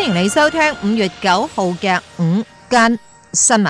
歡迎你收聽五月九號嘅午間新聞。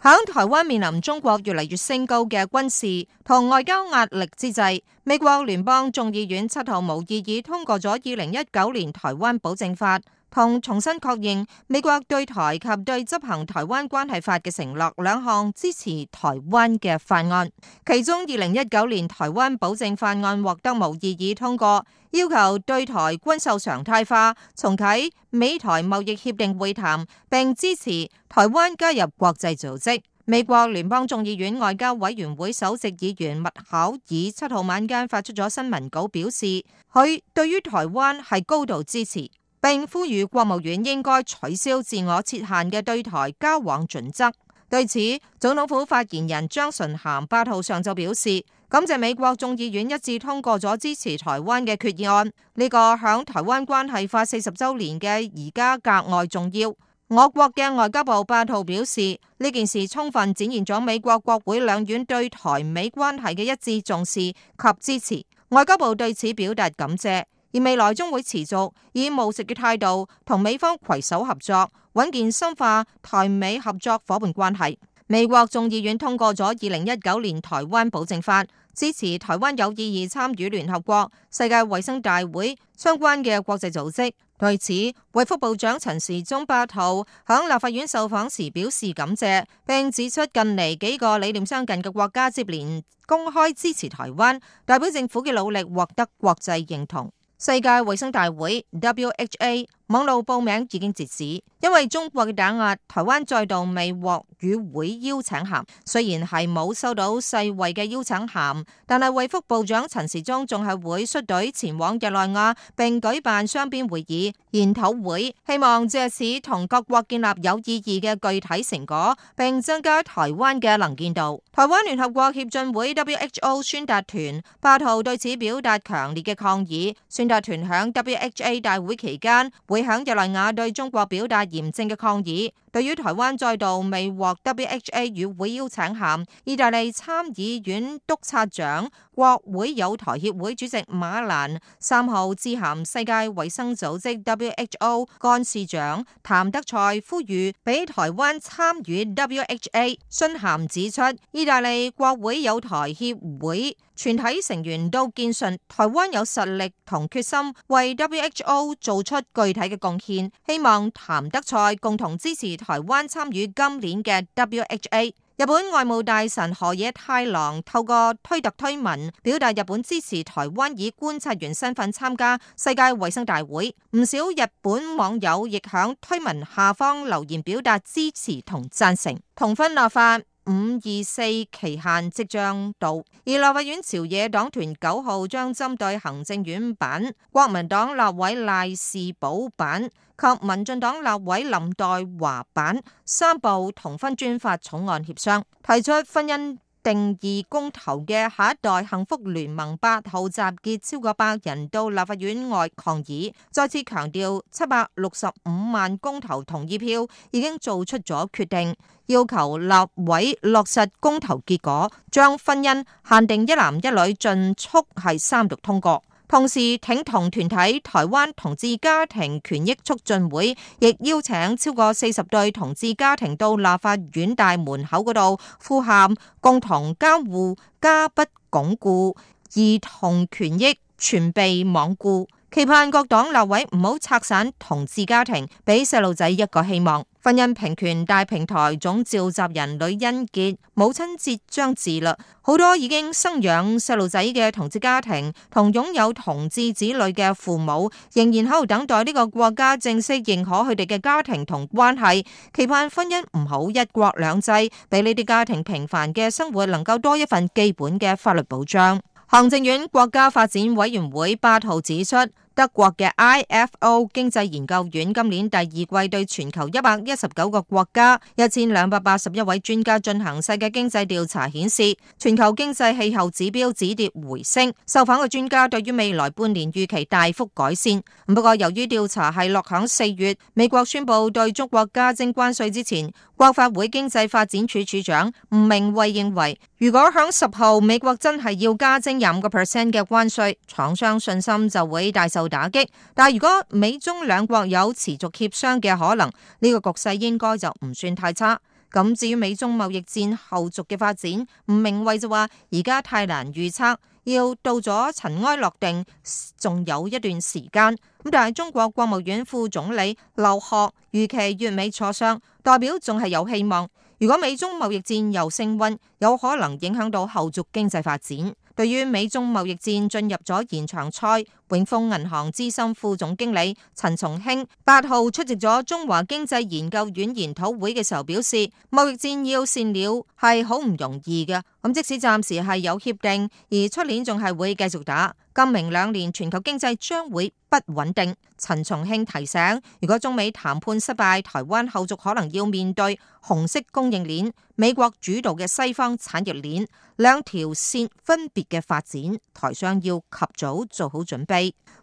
喺台灣面臨中國越嚟越升高嘅軍事同外交壓力之際，美國聯邦眾議院七號無異議通過咗二零一九年台灣保證法。同重新確認美國對台及對執行《台灣關係法》嘅承諾兩項支持台灣嘅法案，其中二零一九年台灣保證法案獲得無異議通過，要求對台軍售常態化，重啟美台貿易協定會談，並支持台灣加入國際組織。美國聯邦眾議院外交委員會首席議員麥考爾七號晚間發出咗新聞稿，表示佢對於台灣係高度支持。並呼籲國務院應該取消自我設限嘅對台交往準則。對此，總統府發言人張純涵八號上晝表示，感謝美國眾議院一致通過咗支持台灣嘅決議案，呢、這個響台灣關係法四十周年嘅而家格外重要。我國嘅外交部八號表示，呢件事充分展現咗美國國會兩院對台美關係嘅一致重視及支持，外交部對此表達感謝。而未來將會持續以務實嘅態度同美方攜手合作，穩健深化台美合作伙伴關係。美國眾議院通過咗二零一九年台灣保證法，支持台灣有意義參與聯合國世界衛生大會相關嘅國際組織。對此，衛福部長陳時中八號響立法院受訪時表示感謝，並指出近嚟幾個理念相近嘅國家接連公開支持台灣，代表政府嘅努力獲得國際認同。世界衛生大會 WHA 網路報名已經截止，因為中國嘅打壓，台灣再度未獲與會邀請函。雖然係冇收到世衛嘅邀請函，但係衛福部長陳時中仲係會率隊前往日內瓦並舉辦雙邊會議研討會，希望借此同各國建立有意義嘅具體成果，並增加台灣嘅能見度。台灣聯合國協進會 WHO 宣達團八號對此表達強烈嘅抗議。宣達團響 WHA 大會期間會。會響日內瓦對中國表達嚴正嘅抗議。對於台灣再度未獲 WHO 與會邀請函，意大利參議院督察長、國會友台協會主席馬蘭三號致函世界衛生組織 WHO 幹事長譚德賽，呼籲俾台灣參與 WHO。信函指出，意大利國會友台協會全體成員都堅信台灣有實力同決心為 WHO 做出具體嘅貢獻，希望譚德賽共同支持。台灣參與今年嘅 WHA，日本外務大臣河野太郎透過推特推文表達日本支持台灣以觀察員身份參加世界衛生大會，唔少日本網友亦響推文下方留言表達支持同贊成。同婚立法五二四期限即將到，而立法院朝野黨團九號將針對行政院版國民黨立委賴士葆版。及民進黨立委林岱樺版三部同分專法草案協商，提出婚姻定義公投嘅下一代幸福聯盟八號集結超過百人到立法院外抗議，再次強調七百六十五萬公投同意票已經做出咗決定，要求立委落實公投結果，將婚姻限定一男一女，盡速係三讀通過。同時挺同團體台灣同志家庭權益促進會，亦邀請超過四十對同志家庭到立法院大門口嗰度呼喊，共同監護家不鞏固，兒童權益全被罔顧。期盼各黨立委唔好拆散同志家庭，俾細路仔一個希望。婚姻平權大平台總召集人呂欣潔母親節將至啦，好多已經生養細路仔嘅同志家庭同擁有同志子女嘅父母，仍然喺度等待呢個國家正式認可佢哋嘅家庭同關係，期盼婚姻唔好一國兩制，俾呢啲家庭平凡嘅生活能夠多一份基本嘅法律保障。行政院國家發展委員會八號指出。德國嘅 IFO 經濟研究院今年第二季對全球一百一十九個國家一千兩百八十一位專家進行世界經濟調查，顯示全球經濟氣候指標止跌回升。受訪嘅專家對於未來半年預期大幅改善。不過由於調查係落響四月，美國宣布對中國加徵關稅之前，國發會經濟發展處處長吳明慧認為，如果響十號美國真係要加徵五個 percent 嘅關稅，廠商信心就會大受。打擊，但係如果美中兩國有持續協商嘅可能，呢個局勢應該就唔算太差。咁至於美中貿易戰後續嘅發展，吳明慧就話而家太難預測，要到咗塵埃落定，仲有一段時間。咁但係中國國務院副總理劉鶴預期月尾磋商，代表仲係有希望。如果美中貿易戰又升溫，有可能影響到後續經濟發展。對於美中貿易戰進入咗延長賽。永豐銀行資深副總經理陳松興八號出席咗中華經濟研究院研討會嘅時候表示，貿易戰要善了係好唔容易嘅，咁即使暫時係有協定，而出年仲係會繼續打，今明兩年全球經濟將會不穩定。陳松興提醒，如果中美談判失敗，台灣後續可能要面對紅色供應鏈、美國主導嘅西方產業鏈兩條線分別嘅發展，台商要及早做好準備。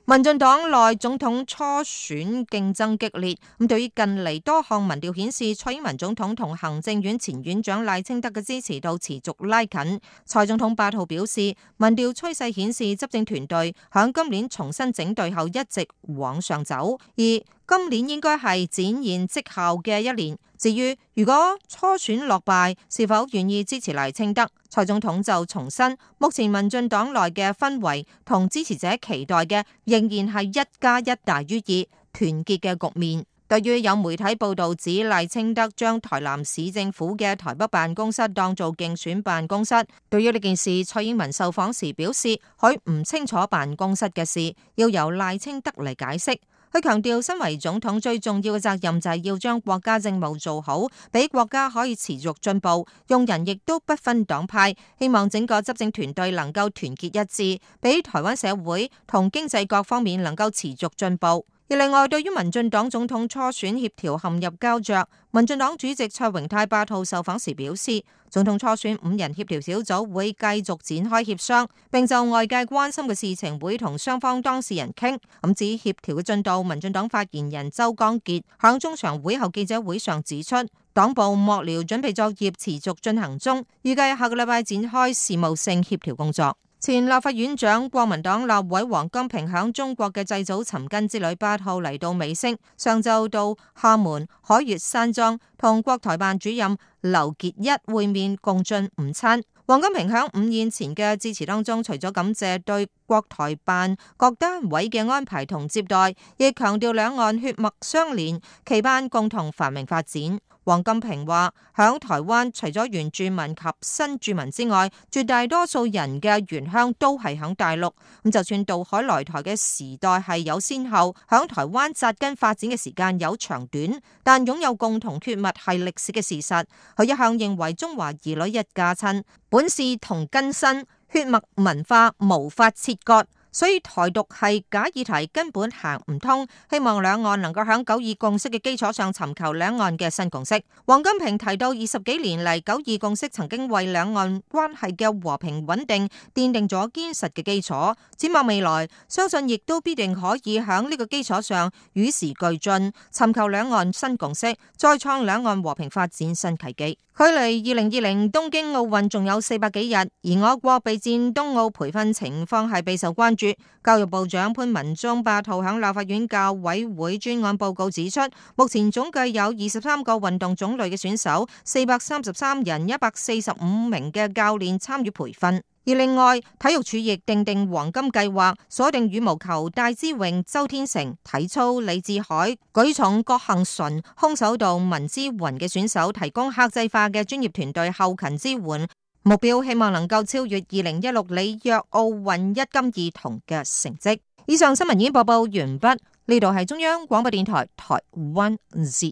民進黨內總統初選競爭激烈，咁對於近嚟多項民調顯示，蔡英文總統同行政院前院長賴清德嘅支持度持續拉近。蔡總統八號表示，民調趨勢顯示執政團隊響今年重新整隊後一直往上走，而今年應該係展現績效嘅一年。至於如果初選落敗，是否願意支持賴清德？蔡總統就重申，目前民進黨內嘅氛圍同支持者期待嘅，仍然係一加一大於二團結嘅局面。對於有媒體報道指賴清德將台南市政府嘅台北辦公室當做競選辦公室，對於呢件事，蔡英文受訪時表示佢唔清楚辦公室嘅事，要由賴清德嚟解釋。佢強調，身為總統最重要嘅責任就係要將國家政務做好，俾國家可以持續進步。用人亦都不分黨派，希望整個執政團隊能夠團結一致，俾台灣社會同經濟各方面能夠持續進步。而另外，對於民進黨總統初選協調陷入膠著，民進黨主席蔡榮泰八號受訪時表示，總統初選五人協調小組會繼續展開協商，並就外界關心嘅事情會同雙方當事人傾。咁至於協調嘅進度，民進黨發言人周江傑響中常會後記者會上指出，黨部幕僚準備作業持續進行中，預計下個禮拜展開事務性協調工作。前立法院長國民黨立委王金平響中國嘅祭祖尋根之旅八號嚟到尾聲，上晝到廈門海悅山莊同國台辦主任劉結一會面，共進午餐。王金平響午宴前嘅致辭當中，除咗感謝對國台辦各單位嘅安排同接待，亦強調兩岸血脈相連，期盼共同繁榮發展。王金平話：響台灣除咗原住民及新住民之外，絕大多數人嘅原鄉都係響大陸。咁就算渡海來台嘅時代係有先後，響台灣扎根發展嘅時間有長短，但擁有共同血脈係歷史嘅事實。佢一向認為中華兒女一家親，本是同根生。血脈文化無法切割。所以台獨係假議題，根本行唔通。希望兩岸能夠響九二共識嘅基礎上尋求兩岸嘅新共識。王金平提到，二十幾年嚟，九二共識曾經為兩岸關係嘅和平穩定奠定咗堅實嘅基礎。展望未來，相信亦都必定可以響呢個基礎上與時俱進，尋求兩岸新共識，再創兩岸和平發展新契機。距離二零二零東京奧運仲有四百幾日，而我國備戰冬奧培訓情況係備受關注。教育部長潘文忠霸圖響立法院教委會專案報告指出，目前總計有二十三個運動種類嘅選手，四百三十三人，一百四十五名嘅教練參與培訓。而另外，體育署亦訂定，定，定黃金計劃，鎖定羽毛球戴資穎、周天成、體操李智凱、舉重郭婞淳、空手道文姿云嘅選手，提供客製化嘅專業團隊後勤支援。目標希望能夠超越二零一六里約奧運一金二銅嘅成績。以上新聞已經播報完畢，呢度係中央廣播電台台灣節目。